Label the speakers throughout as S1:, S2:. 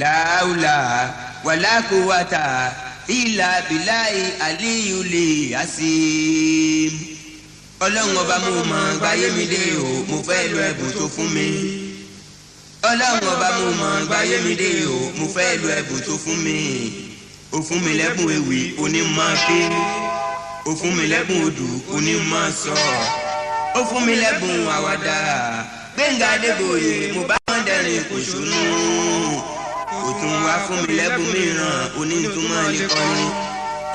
S1: làáwùlà wàlákùwàtà ìlà bíláì àlíyùlè àsìm. ọlọ́run ọba mo mọ̀ gbáyé mi dé o mo fẹ́ lo ẹ̀bùn tó fún mi.
S2: ọlọ́run ọba mo mọ̀
S1: gbáyé mi dé o mo fẹ́ lo ẹ̀bùn tó fún mi. ó fún mi lẹ́bùn ewì onímọ̀ ké ó fún mi lẹ́bùn odù onímọ̀ sọ ó mi lẹ́bùn àwàdà gbẹ̀ngà adébòye mo bá wọn dẹ̀rìn kò ṣùnú
S2: ó tún wá fún mi
S1: lẹ́bùn mìíràn onítùmọ̀ nìkan ni.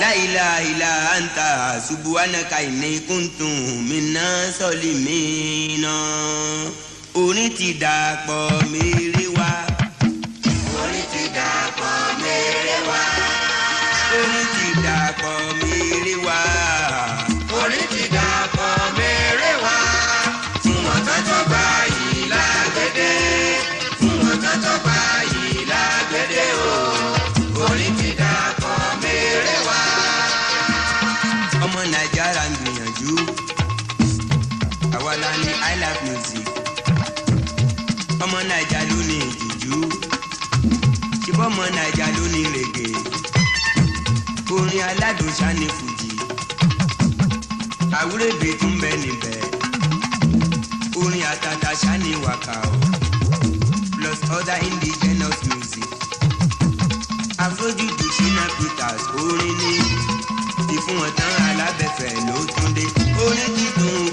S1: láìla ìlà àǹtà ṣubú ànàkà ìní kùntùn mi náà sọ̀lì mí náà orin ti dàpọ̀ mi rí. aládùn sani fùjì àwúrẹ́bì tún bẹ níbẹ̀ orin àtàtà sani wàkà o plus other indigenous music àfojúdi Shina Peters orin ní ìfún ọ̀tán alábẹ́fẹ̀ ló tún dé orin títún.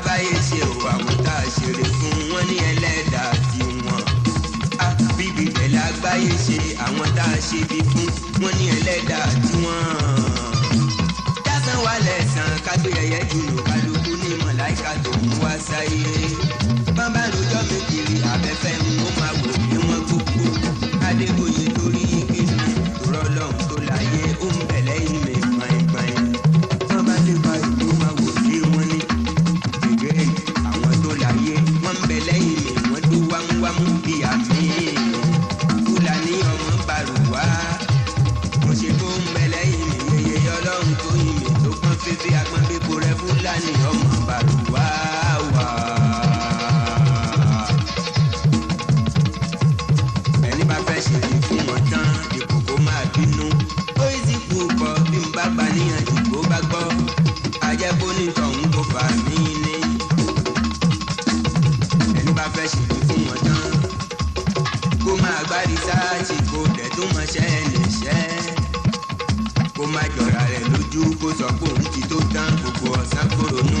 S1: país. àṣẹ kó má jọra rẹ̀ lójú kó sọ pé òun ti tó tán gbogbo ọ̀sán kó ronú.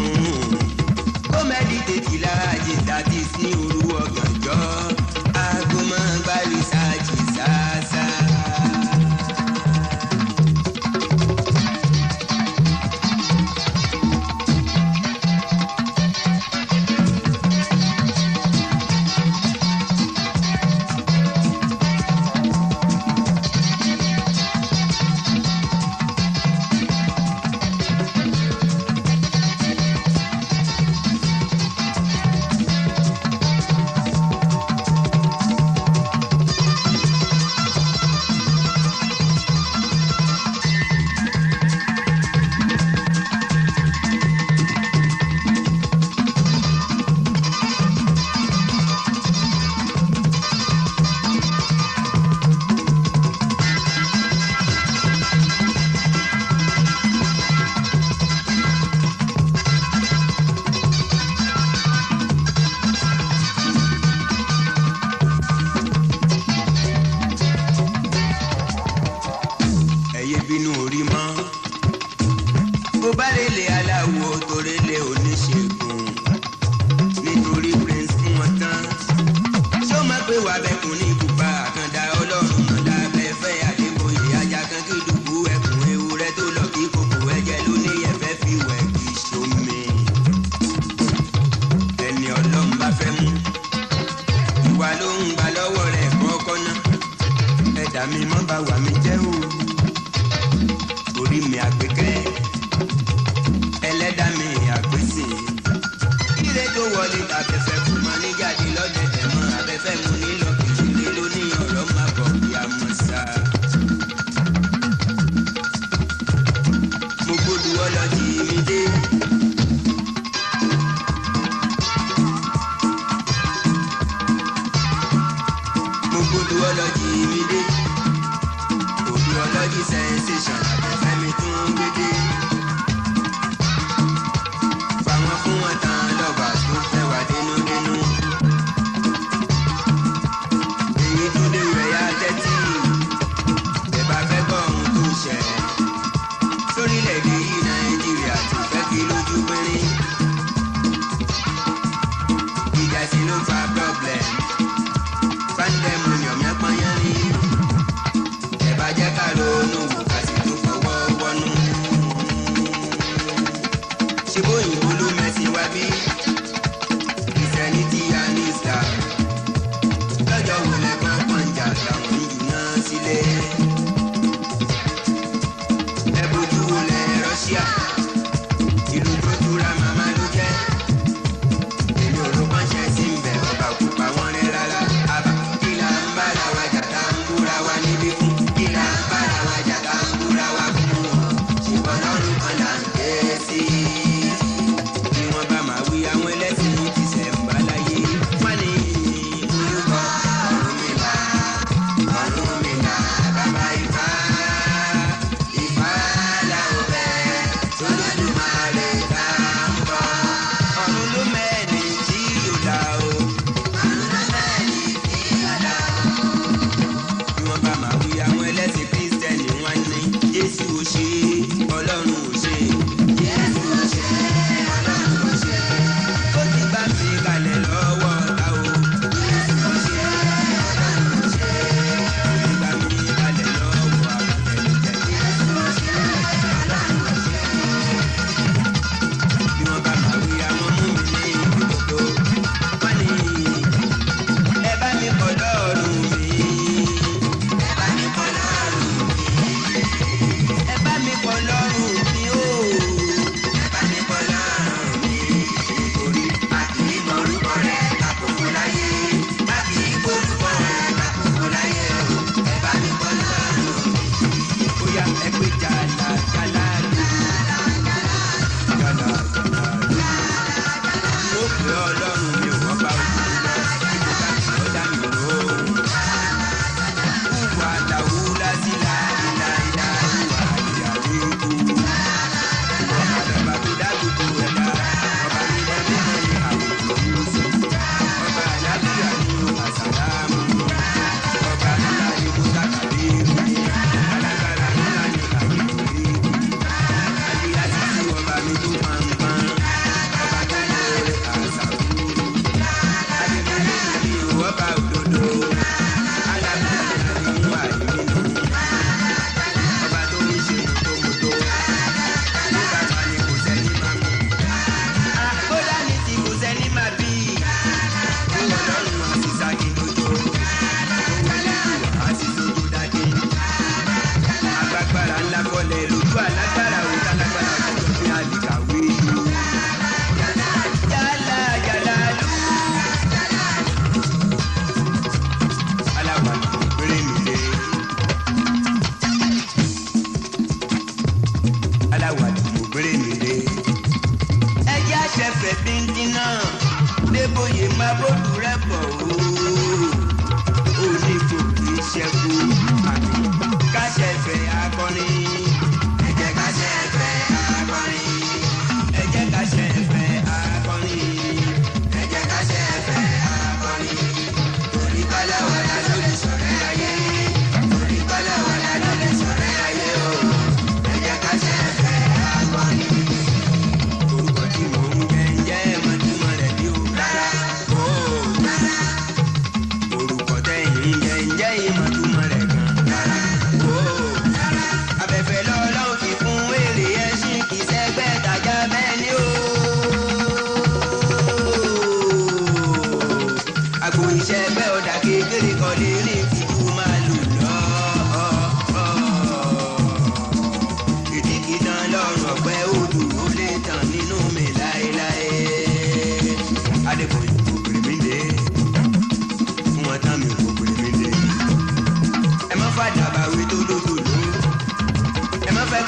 S1: bóyè máa bójú rẹ̀ bọ̀ o.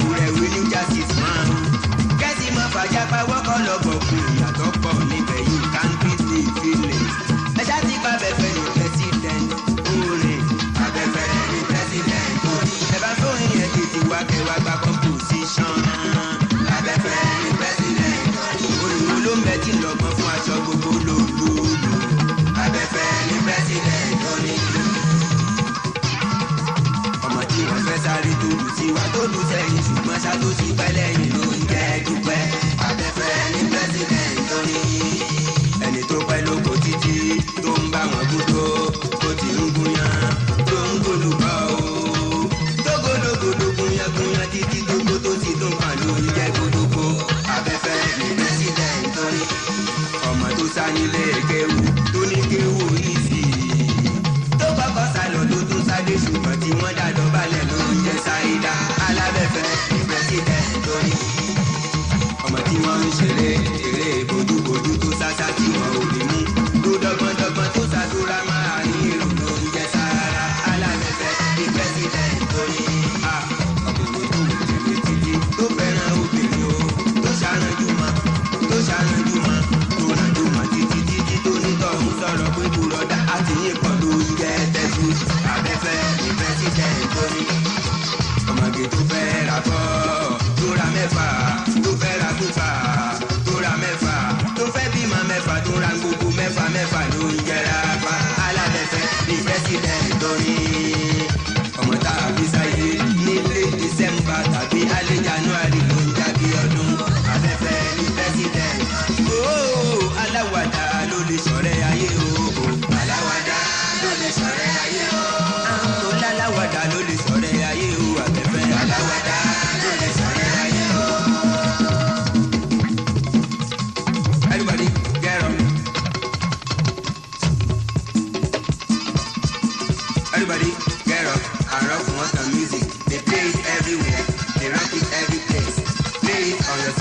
S1: Where will you just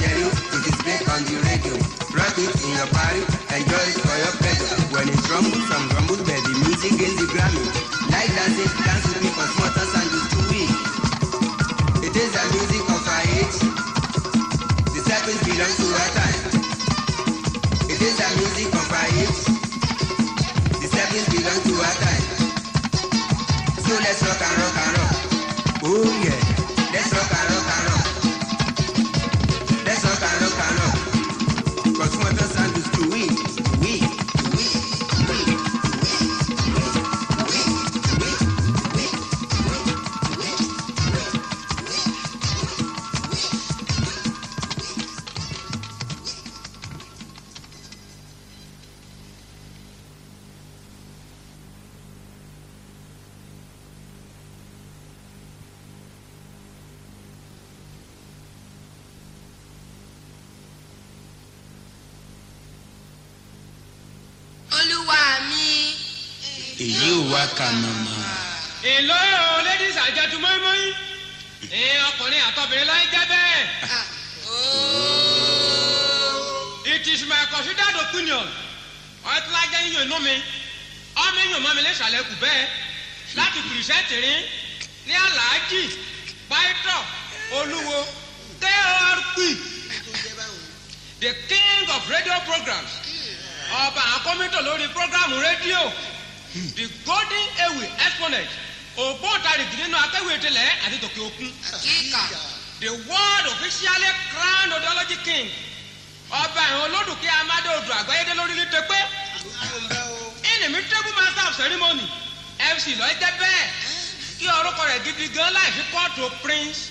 S1: stereo, it is played on the radio. Rock it in your party, enjoy it for your pleasure. When it rumbles and rumbles, where the music is the Grammy. Like dancing, dance with me for smarter and you too weak. It is the music of our age. The service belongs to our time. It is the music of our age. The service belongs to our time. So let's rock and rock and rock. Oh yeah. ọkùnrin àtọ́bìnrin ló ń jẹ́ bẹ́ẹ̀. Ah. it is my considered opinion ọ̀rẹ́ tí lájẹ́ yíyan inú mi ọmọ yíyan mọ́ mi lè ṣàlẹ́kù bẹ́ẹ̀ láti kùrìṣẹ́ tìrín ní aláàjì pàìtọ́ olúwo trp the king of radio programs ọba àkọ́mítọ̀ lórí programu rédíò the golden ewe exponent ògbóǹtarìgì nínú akẹ́wé tilẹ̀ àti tòkè òkun. the world officially crowned odology king ọba àwọn olódùkẹ́ amadé odò àgbáyédé lórílẹ̀ tó pé inimitable master of ceremony fc lọ́ọ́ jẹ́ bẹ́ẹ̀ kí orúkọ rẹ̀ gidi gan láì kóòtù prince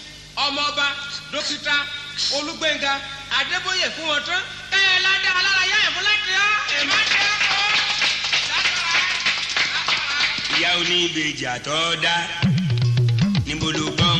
S1: ọmọọba dókítà olúgbénga adébóyè fún wọn tán ẹ ládé alárayá ẹ fún láti ọ ẹ má jẹ ọ ìyá oníbejì àtọ́ dá níbo ló gbọ́n.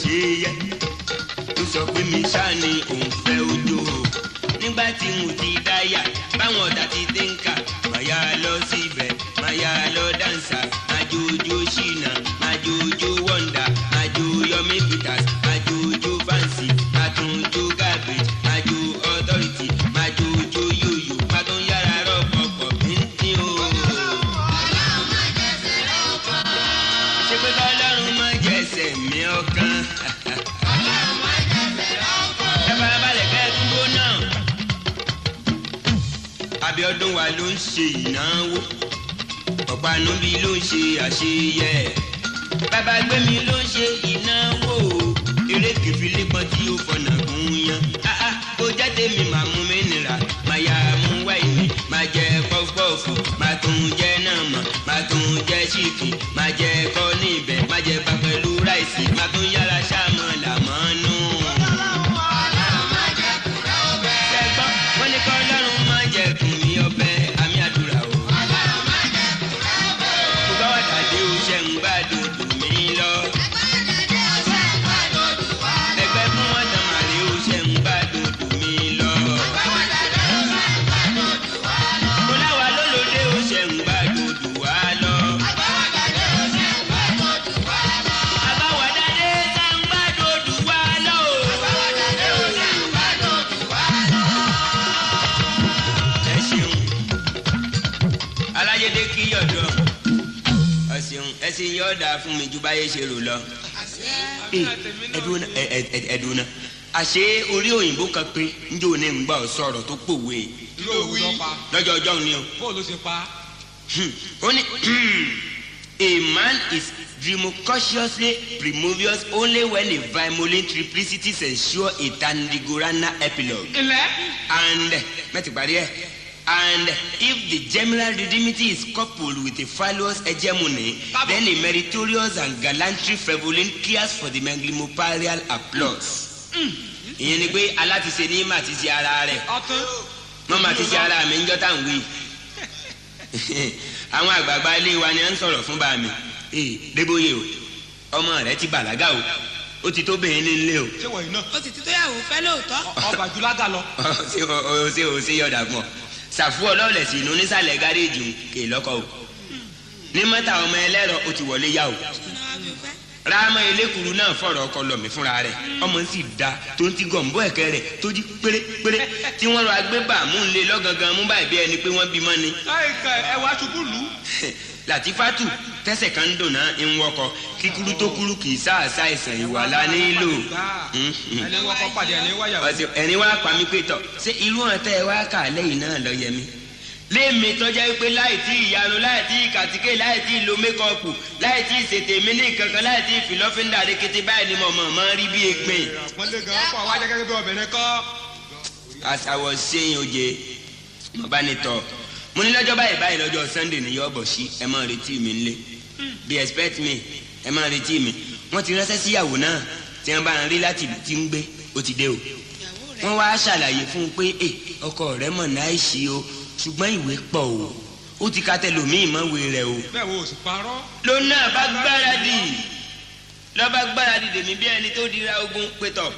S1: ശശിയൻ ọ̀dà fún mi ju báyé ṣe rò lọ. ẹ̀dùn àṣé orí òyìnbó kan pé njẹ́ òní ń gbà tó pòwe. lọ́jọ́ ọjọ́ ni o. bóòlù ṣe pa. Hmm. ó ní hmm, a man is dreamocautiously premovious only when a violent triplicity ensure a tandigorana epilogue. ilẹ̀. and mẹ́tì parí ẹ̀. And if the general redemnity is coupled with a fallous hegemony, then a meritorious and gallantry frevoling cares for the manglimoparial applause. Mm-hmm. Ìyẹn ni pé alátiṣe ní màá ti ṣe ara rẹ̀. Wọ́n máa ti ṣe ara mi ń jọ́tà ń wí. Àwọn àgbààgbà ilé wa ni à ń sọ̀rọ̀ fún bá mi. Débóyè o, ọmọ rẹ̀ ti bàlágà o, ó ti tó bẹ̀yẹn ní ilé o. Ó sì ti tó yàwó fẹ́ lóòótọ́. Ọba Julaga lọ. Ṣé ṣe o ṣe yọ̀dà fún ọ? ṣàfù ọlọ́ọ̀lẹ̀ sí inú nísàlẹ̀ gáréèjì kè lọ́kọ̀ o ní mọ́tà ọmọ ẹlẹ́rọ ó ti wọlé yá o ráàmọ elékuru náà fọ̀rọ̀ ọkọ lọmi fúnra rẹ̀ ọmọ sì da tó ń ti gọ̀ǹbọ ẹ̀kẹ́ rẹ̀ tó jí pérépéré tí wọ́n lọ agbébà mú un lé lọ́gangan mú báyìí bí ẹni pé wọ́n bímọ ni. láìka ẹwà ṣubú lù ú. latifatu tẹsẹ̀ kan ń dùn náà ń wọkọ kíkúrú tó kúrú kì í sáàsá ìsàn ìwà la nílò. ẹni wọkọ pa mí pé tọ ṣé irú hàn tẹ ẹ wá lẹ́yìn náà lọ yẹ mí. lémi wípé láì tí ìyanu láì tí kàtíkè láì tí lo mékọ́ọ̀pù láì tí ìṣètè mi ní kankan láì tí fìlọ́fíńdà rékété báyìí ni mọ̀mọ́ máa ń rí bí egbin. àṣàwọ̀ ṣe oje mo bá ní tọ̀ mo ní lọ́jọ́ báyìí báyìí lọ́jọ́ sunday ní yọ bọ̀ sí ẹ máa retí mi nílé be expect me ẹ máa retí mi wọ́n ti ránṣẹ́ síyàwó náà tí wọ́n bá ń rí láti ibi tí ń gbé ó ti dé o wọ́n wá ṣàlàyé fún un pé ẹ eh, ọkọ rẹ mọ̀ náà ṣe o ṣùgbọ́n ìwé pọ̀ o ó ti ka tẹlòmíì mọ́wé rẹ o. bẹ́ẹ̀ wo sì parọ́. ló bá gbáradì lọ́ba gbáradì dèmí bí ẹni tó dira ogun pétọ̀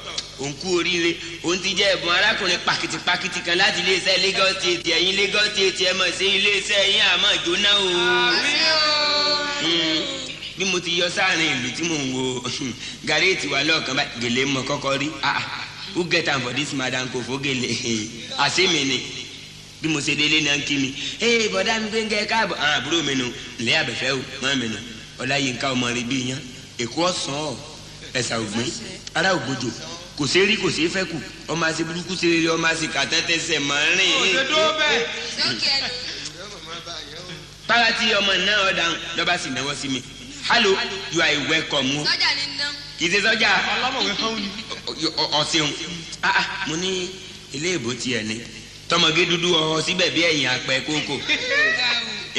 S1: òǹkú oríire òun ti jẹ́ ẹ̀bùn arákùnrin pàkìtìpàkìtì kan láti iléeṣẹ́ Lagos State ẹ̀yin Lagos State ẹ̀ mọ̀ sí iléeṣẹ́ yín àmọ́ ìjóná o hmm. bí mo ti yọ sáàrin ìlú tí mò ń wo gàréètì wa lọ́ọ̀kan báyìí gèlè mọ̀ kọ́kọ́ rí ah, ah who get am for this madam kò fó gèlè àṣìmì ni bí mo ṣe délé náà ń kí mi ee bọ̀dá mi gbẹ́ngẹ́ káàbọ̀ àwọn ah, àbúrò mi nù ǹlẹ́ àbẹ̀fẹ́ o mọ́ mi nù ọláyínká ọmọ rẹ bí yan èkó ọ̀sán ọ̀ ẹ̀sà ògbìn ará ògbójò kò sí rí kò sí fẹ́ kù ọmọ àti burúkú sí rere ọmọ àti kàtẹ́tẹ́ sẹ̀ máa ń rìn. òdodo
S2: bẹ́ẹ̀.
S1: para ti ọmọ náà ọ̀dà lọ́ba sì náwó sí mi hello you are welcome o. sọ́jà ni dán. kì í ṣe sọ́jà. ọlọ́mọ̀wé kan ni. ọ̀sìn ah, ah, mo ní ilé ìbò tiẹ̀ ni tọmọge dúdú ọ̀họ́ síbẹ̀ bí ẹ̀yìn àpẹ kókò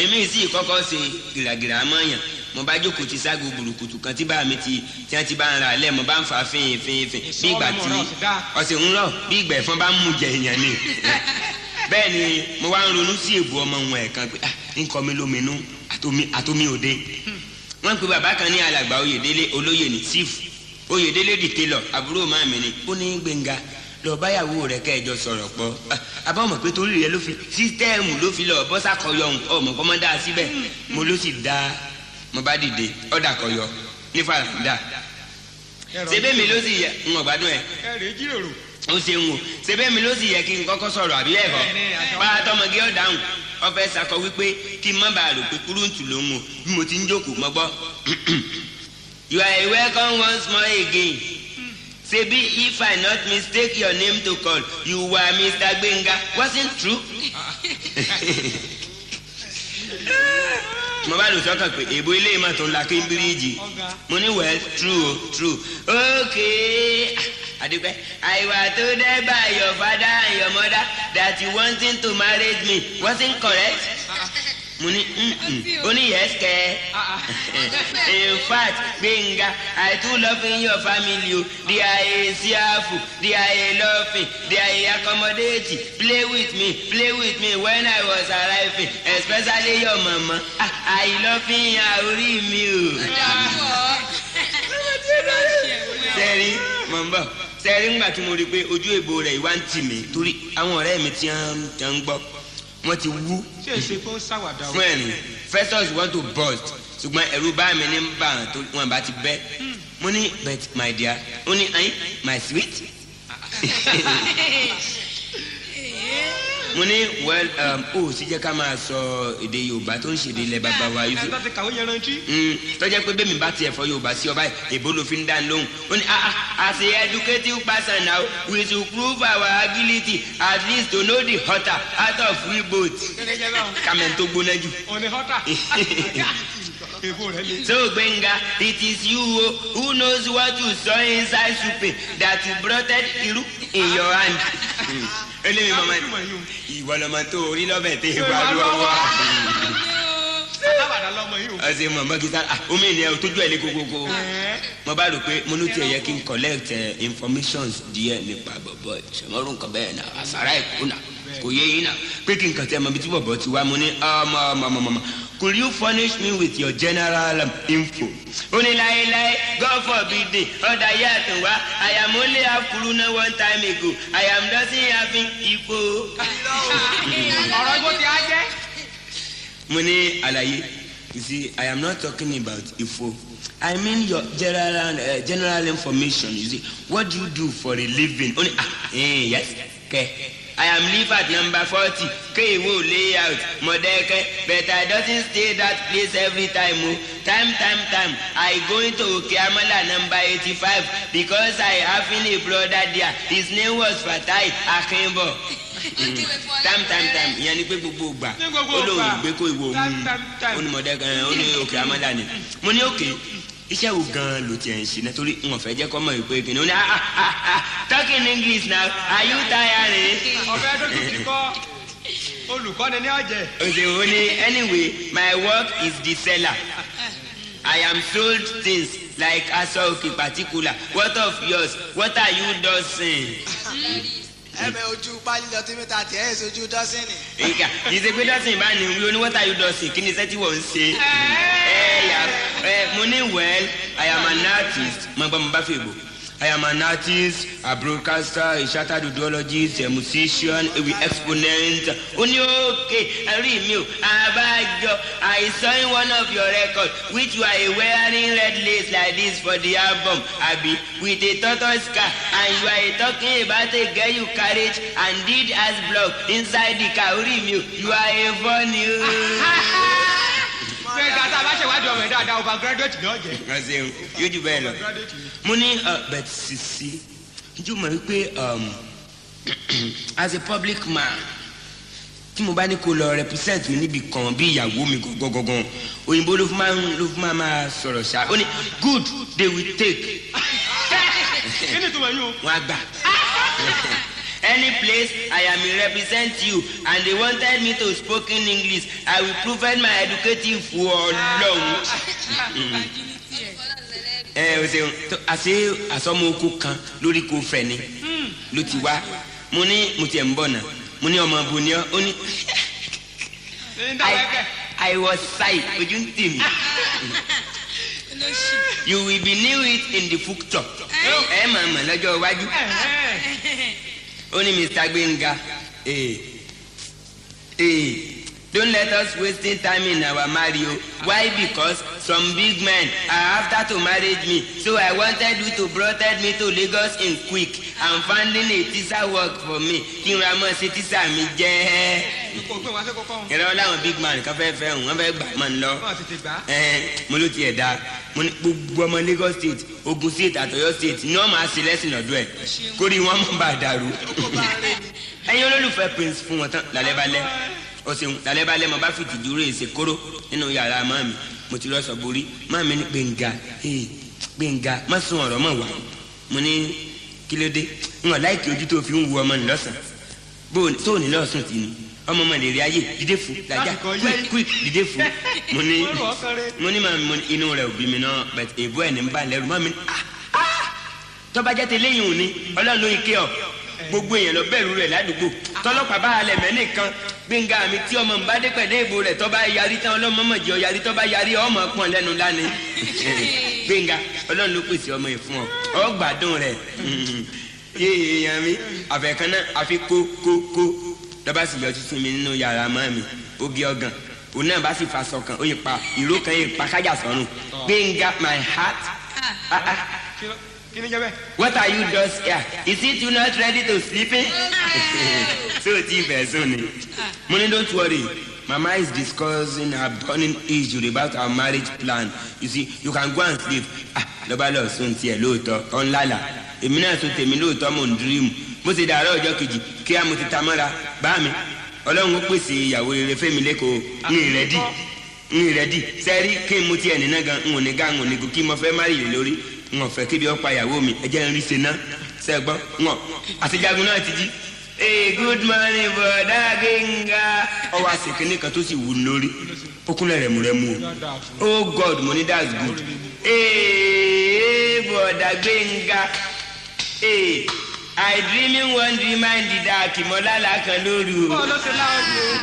S1: èmi sì kọ́kọ́ ṣe gìràgìrà mọ́yàn mo bá jókòó ti ságo burúkutu kan tí bá mi ti tí wọ́n ti bá ń ra alẹ́ mo bá ń fa fín fín fín bí ìgbà tí ọ̀sẹ̀ ń rọ̀ bí ìgbà ẹ̀fọn bá ń mú jẹ èèyàn ni bẹ́ẹ̀ ni mo wá ń ronú sí èbú ọmọ wọn ẹ̀kan pé nǹkan ah, mi lóminú àtomi òde wọ́n pe bàbá kan ní alàgbà oyèdélé olóyè ní chief oyèdélé di tailor àbúrò máa mi ni ó ní gbẹ̀ngà lọ báyàwó rẹ kẹjọ sọ̀rọ̀ pọ̀ abáwọn ah, pé torí rẹ ló fi sítẹ́ẹ̀mù ló fi lọ bọ́sàkọyọ ọmọ kọ́mọ́dá hmm. mo ló sì dáa mo bá dìde ọ̀dà kan yọ ní faranda sebe mi ló sì yẹ ń wọ gbádùn ẹ. ẹ rè é jíròrò. sebe mi ló sì yẹ kí n kọ́kọ́ sọ̀rọ̀ àbí ẹ̀kọ́ pátọ́mọgé ọ̀dáhùn ọfẹ sakọ wípé kí n má bàa rò pé kúrúǹtù ló ń wò bí mo ti ń jókòó mọ́ gbọ́. you are welcome once more again. ṣebí if i not mistake your name to call you were mr gbenga wasn't true. mo bá lò sọ́kàn pé èbó ilé ìmọ̀ tó ń la kí n bíríìjì mo ní wẹ́ẹ́ true true okay àdúpẹ́ àìwà tó dẹ́ by your father and your mother that you wanting to marry me wasn't correct mo ní ó ní yes kẹ ah, ah. in fact Gbénga I too loving your family o di aye siafu di aye loving di aye accommodate play with me play with me when I was arriving especially your mama ah, I loving ya orí mi o. sẹ́rí mọ̀ ń bọ̀ sẹ́rí ńgbà tí mo rí i pé ojú ègbò rẹ̀ ìwà ń tì mí torí àwọn ọ̀rẹ́ mi ti ń gbọ́ wọ́n ti wú fún ẹ̀rín fetus want to burst ṣùgbọ́n ẹ̀rù bá mi ní bá àwọn tó wọn bá ti bẹ́ mo ní but my dear ó ní ayin my sweet mo ní well oh, sì jẹ́ ká máa sọ èdè yorùbá tó ń ṣèdè ilẹ̀ bàbá wa yìí. bá ti kàwé yẹn rántí. Hmm, tọ́jà pé bẹ́ẹ̀ mi bá tiẹ̀ fọ yorùbá sí ọba èbó ló fi ń dá lóhùn ó ní ah, ah, as a educated person now we should prove our ability at least to know the hotter out of we both. kàmẹ́ tó gbóná jù. ọ̀nì hotter so gbenga it is you o who knows what you saw inside soup that you brought iru in your hand. eléyìí mama ìwọ lọmọ tó orí lọ́bẹ̀ tẹ ìwà lọ́wọ́ ọsẹ mọ̀mọ́ gita omi ìnìyà òtójú ẹ̀ lé kókókó mo bá rò pé mo ní tiẹ̀ yẹ kí n collect eh, informations díẹ̀ nípa bọ̀bọ̀ ìṣòmọ́rún nǹkan bẹ́ẹ̀ náà àṣàrà ẹ̀kọ́ náà kò yé yín náà pé kí n kàn tẹ́ mọ̀ bí tí bọ̀bọ̀ ti wá mo ní ọmọ ọmọ ọmọ ọmọ Could you furnish me with your general um, info? ó ní láéláé God forbid it ọ̀dà yẹ́ àtúnwá I am only half kuruna one time ago I am doesn't having ifo. ọ̀rọ̀ bó ti á jẹ́. mo ní àlàyé you see I am not talking about ifo I mean your general uh, general information you see what do you do for a living? ó ní ah eh, yes kẹ́. Okay. I am live at number forty Kewo layout Modeke but I doesn't stay that place every time o oh. time time time I going to Okeamala number eighty-five because I having a brother there his name was Fatai Akimbo mm. time time time ìyẹn ni pé gbogbo gbà ó lóun gbé kó ìwò òun ó ní Modeke ó ní Okeamala ni mo ní òkè. Okay iṣẹ́ wo gan ló tiẹ̀ ń ṣe náà torí n fẹ́ jẹ́ kọ́ mọ̀ ìpè kìnìún ní ah, ah, ah, talking english now are you tired. ọ̀fẹ́ dókítì kọ́ olùkọ́ni ní ọ̀jẹ̀. òṣèwò ni anyway my work is the seller i am sold things like aṣọ òkè particular what of yours what are you doing. Mm ẹbẹ ojú pálí lọ tíbi ta tiẹ̀ èso ojú dọ́sìn ni. ìkà ìṣègbè dọ́sìn bá ní wúlò ní yóò dọ́sìn kí ni iṣẹ́ tí wọ́n ṣe. ẹ ẹ mo ní well I am an artist mo gbọ́ mo bá fèèbò. I am an artist, a broadcaster, a chartered audiologist, a musician, a exponent. Only I read you. Abájọ, I saw in one of your records which you are wearing red lace like this for the album, Abi, with a tortoise car, and you are talking about a girl you carried and did as block inside the car. Read you. You are a funny. pé gata bá ṣèwádìí ọmọ ẹ dáadáa ọba graduate ni ọ jẹ. ọ̀sẹ̀ yóò jù bẹ́ẹ̀ lọ mo ní ah, bẹ̀t sisi njẹ́ o wípé um, as a public man tí mo bá ní kó lọ represent mi níbi kan bí ìyàwó mi gangan òyìnbó ló fún máa ló fún máa máa sọ̀rọ̀ ṣá ó ní good they will take. kí ni tó máa o. wọn á gbà any place i am represent you and they wanted me to spoken english i will prove my educative for long. ẹ o ṣeun àṣe àsọmọkọ kan lórí kò fẹ ni hmm. ló ti wá mo ní mo tiẹ̀ ń bọ̀ nà mo ní ọmọ bo ni ọ ó ní. I was sight ojú ń tì mí. You will be new it in the future. Eh? Ẹ máa mọ̀ lọ́jọ́ iwájú.
S2: Eh.
S1: Ó ní Mr. Gbénga. Hey. Eh. Hey. Don't let us wasting time in our marriage. Why? Because some big men are after to marry me. So I wanted you to brought me to Lagos in quick. I'm finding a teacher work for me. Kí n ra mọ̀ sí tíṣà mi jẹ́. Ìrọ̀ láwọn big man kan fẹ́ fẹ́ wọn fẹ́ gbà mọ́ ń lọ. Mo ló tiẹ̀ da. Mo ní gbogbo ọmọ Lagos state, Ogun state àti Ọ̀yọ́ state ni wọ́n máa ṣe lẹ́sìn lọ́dọ̀ ẹ̀. Kórìí wọn mọ̀ bá a dàrú. Ẹ̀yin olólùfẹ́ prince fún wọn tán lálẹ́ balẹ̀ ó ṣeun lálẹ́ bá lẹ́ mo bá fìtì dúró èsè kóró nínú yàrá màmí mo ti lọ sọ borí màmí ní gbẹ̀ngà ee eh, gbẹ̀ngà má sun ọ̀rọ̀ mọ̀ wá mo ní kílódé n ò láìkí ojú tó fi ń wu ọmọ nì lọ́sàn bó tó ní lọ́sùn tì ní ọmọ ọmọ lè rí ayé dídé fún lajà quick quick dídé fún mo ní mo ní màmí inú rẹ̀ òbí mi náà bẹ̀t èbú ẹ̀ ní ń bá lẹ́rù màmí ah ah tọ́bajẹ́ tẹ lẹ́yìn òní ọlọ́run ló ń ké ọ gbogbo èèyàn lọ bẹ̀rù rẹ̀ ládùúgbò tọlọ́pàá bá alẹ̀ mẹ́ nìkan gbẹ̀ngà mi tí ọmọ nbá dé pẹ̀lẹ́ ìbò rẹ̀ tọ́ bá yarí tán ọlọ́mọ mọ̀ jẹ́ ọ̀yarí tọ́ bá yarí ọmọ pọ̀n lẹ́nu lánàá gbẹ̀ngà ọlọ́run ló pèsè ọmọ yìí fún ọ ọgbàdùn rẹ̀ yéèyàn mi àfẹ̀kan náà àfi kó kó kó lọ́ba sì yọ tuntun mi nínú yàrá mọ́ mi ó gé ọgàn òun náà bá sì fa sọkàn ó yẹ pa ìró kan yẹ pa kájà sọ́run gbẹ̀ngà my heart. Ah. Ah, ah. What are you just? here? Is it you not ready to sleep in? so deep, eh, so Money, don't worry. Mama is discussing her burning issue about our marriage plan. You see, you can go and sleep. Ah, lọ́ba lọ sùn tiẹ̀ lóòótọ́ ọ̀n lálà. Èmi náà sùn tèmi lóòótọ́ mò ń dream. Mo ti dàárọ̀ ọjọ́ kejì kí a mo ti ta mọ́ra bá mi. Ọlọ́run ó pèsè ìyàwó rere fẹ́mi lẹ́kọ̀ọ́ ní ìrẹ́dì. Ní ìrẹ́dì sẹ́rí kí n mo tiẹ̀ nínú gan n ò ní ga n ò ní gòkí mo fẹ́ má rí lórí n ò kébi ọ̀pá ìyàwó mi ẹ jẹ́ n rí ṣe ná sẹ́gbọ́n n ò àtijágun náà ti jí. ee good morning bọ̀dá gbẹ̀ngà. ọwọ́ àsìkò nìkan tó sì wù ú lórí ó kúnlẹ̀ rẹ̀ mú rẹ̀ mú o oh god mo ní that's good. ee bọ̀dá gbẹ̀ngà ee i dreaming one dream I did that. ìmọ̀lálà kan lóru o. bọ́ọ̀lù ṣe láwọn eh.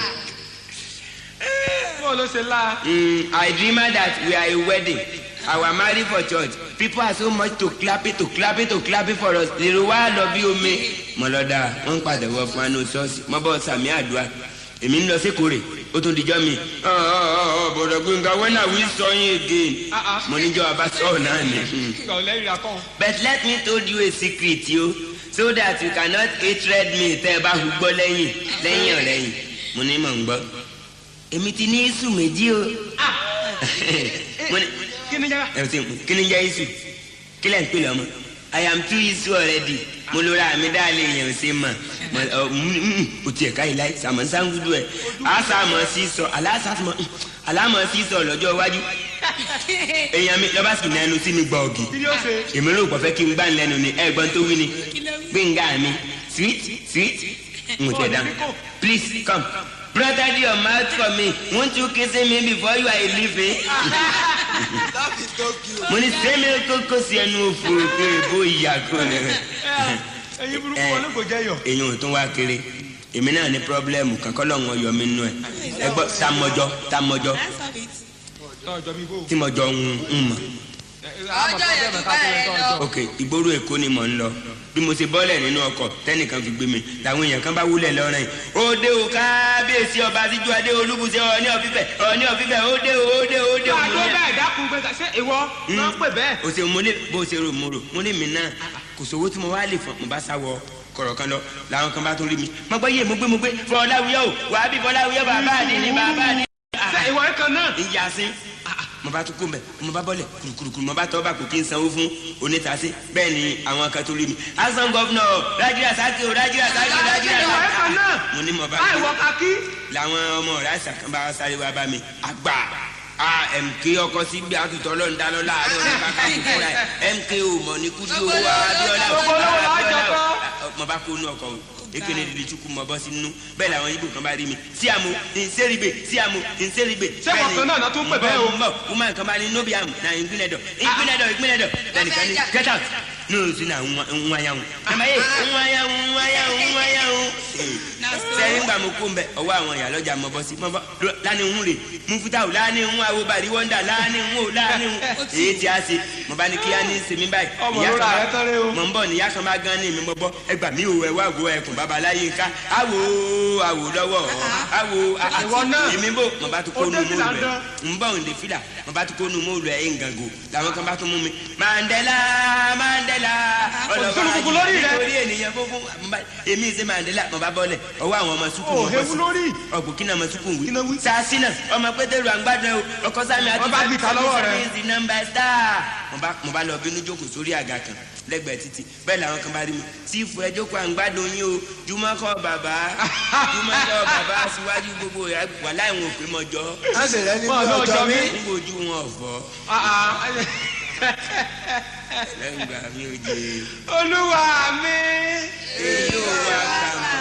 S1: ṣe. bọ́ọ̀lù ṣe láà. Mm, i dreamer that we are a wedding our marriage for church people are so much to clap it to clap it to clap it for us lèrò wá lọ bí omi mọlọdà wọn ń pàtẹ́wọ́ fún wa ní ṣọ́ọ̀ṣì wọn bọ sàmì àdúrà èmi ń lọ sí kórè ó tún dijọ́ mi bọ̀dọ̀ gbẹ̀ngà when are we sawing again mo níjọ́ abá sọ̀rọ̀ náà ni. but let me tell you a secret yo so that you cannot hate me. meat tẹ́ ẹ bá hu gbọ́ lẹ́yìn
S2: lẹ́yìn ọ̀rẹ́yìn
S1: mo ní mọ̀ ń gbọ́ èmi ti ní isu méjì o. Ah. kí ni jẹ́ isu kí lẹ́ ń pè lọ́mọ i am too isu already mo lora mi dá lè yàn ṣe mọ o tiẹ̀ ká yìí láì sàmọ́ sangudu ẹ̀ a sàmọ́ sí sọ aláṣàmọ́ alámọ̀ mm, sí sọ lọ́jọ́ iwájú èèyàn mi lọ́ba sì nẹnu sí mi gbọ́ ògì èmi ló gbọ́ fẹ́ kí n gbà ń lẹ́nu ni ẹ gbọ́n tó wí ni gbẹ̀ngà mi sweet sweet n ò tẹ̀ dáhùn please come. Brother, your mouth for me. Won't you kiss me before you are leaving? Mo ní sẹ́mi kókó sí ẹnu òfurufú ìbò ìyàgò ni. Ẹyin burúkú wọn ló kò jẹ́ yọ. Eh, èyí ò tún wá kiri. Èmi náà ní pírọ́blẹ́mù kankan lọ́wọ́ yọ mí nú ẹ̀. Ẹ gbọ́ tamọ́jọ́ tamọ́jọ́. Tímọ̀jọ́ ń eh, eh, mọ̀.
S2: Ọjọ́ yẹn ti bá ẹ lọ.
S1: Ok, ìgboro Èkó ni mò ń lọ bí mo ṣe bọ́lẹ̀ nínú ọkọ̀ tẹ́nìkan fi gbé mi làwọn èèyàn kan bá wúlẹ̀ lọ́rùn yìí. òde o kábíyèsí ọba síjú adé olúbùsẹ ọní ọfífẹ ọní ọfífẹ òde o òde o òde o. àgbo bẹ́ẹ̀ dákun gbẹ̀gà ṣé ìwọ hmm. ló ń pè bẹ́ẹ̀. o ṣe mo ní bó ṣe rò mo rò mo ní mi náà kò sówó tí mo wá lè fọn mo bá sá wọ kọ̀rọ̀ kan lọ làwọn kan bá tó rí mi. mo gbọ́ yé mo gbé mo gbé fọláwíyọ̀ wàá bí fọláwíyọ̀ bàbá mo bá tún kó mbẹ mo bá bọ́lẹ̀ kurukurukuru mo bá tọ́ bá kò kí n sanwó fún onítàsí bẹ́ẹ̀ ni àwọn kan mi. asan gọvnọ rajira saki rajira saki rajira saki. mo ní mo bá kí làwọn ọmọ rẹ sàkánbá sáré wa bá mi àgbà mk ọkọ sí gbé àtúntò ọlọ́run dáná láàárọ̀ ní bàbá mi fúnra mk ò mọ̀ ní kúdí owó abiola mo bá kó nú ọkọ ekele didi tukú mọ bọ́ sí nínú bẹ́ẹ̀ làwọn ibo kan bá rí mi síàmù nsẹ́ríbe síàmù nsẹ́ríbe. sẹ́wọ̀n kan náà tó pẹ̀ bẹ́ẹ̀ o. mbọ wúmọ nǹkan bá ní nóbìàmù na ìgbìnẹ̀dọ̀ ìgbìnẹ̀dọ̀ ìgbìnẹ̀dọ̀ lẹ́nìkan ní get out ní òsì náà ń wáyà ń. àmọ́ yé ń wáyà ń wáyà ń wáyà sẹ́yìn gbà mo kó mbẹ ọwọ́ àwọn ìyá lọ́jà mọ̀ bọ́ sí mọ́ bọ́ lánìí ń rè mú fúta o lánìí ń awo bàrí wọ́ndà lánìí ń o lánìí ń èyí tí a ṣe mo bá ní kí á ní sèmi báyìí ìyá kan mọ ń bọ̀ ní ìyá kan bá gan ní mi mọ́ bọ́ ẹ gbà mí o ẹ wá wo ẹkùn babaláyé ká awo awo lọ́wọ́ awo èmi bò mo bá tún kó nu mú rẹ ń bọ̀ ń lè fìlà mo bá tún kó nu mú rẹ ẹ̀ ń gàngò làwọn kan bá tún mú mi Mandela Mandela ọlọ́ba yìí lórí ènìyàn fúnfún èmi ṣe Mandela mo bá bọ́lẹ̀ ọwọ́ àwọn ọmọ sukùn oh, wọn kọsí ọ̀gbùn kí náà ọmọ sukùn wí. sàásìnà ọmọ pétérù àgbàdo ọkọ sami àti sàmìsì nọmba star. mo bá lọ bínú jókòó sórí àga kan lẹ́gbẹ̀ẹ́ títì bẹ́ẹ̀ làwọn kan bá rí mi sífù ẹ jókòó àgbàdo yín o jùmọkọ bàbá jùmọkọ bàbá síwájú gbogbo wà láìwọn òpè mọjọ. a sì rẹ ní ọjọ́ mi. n kò ju wọn ọ̀fọ́ ah, ah. lẹ́yìn ìgbà mi ò jẹ́. olúwa mi. èyí ò wá kà mí.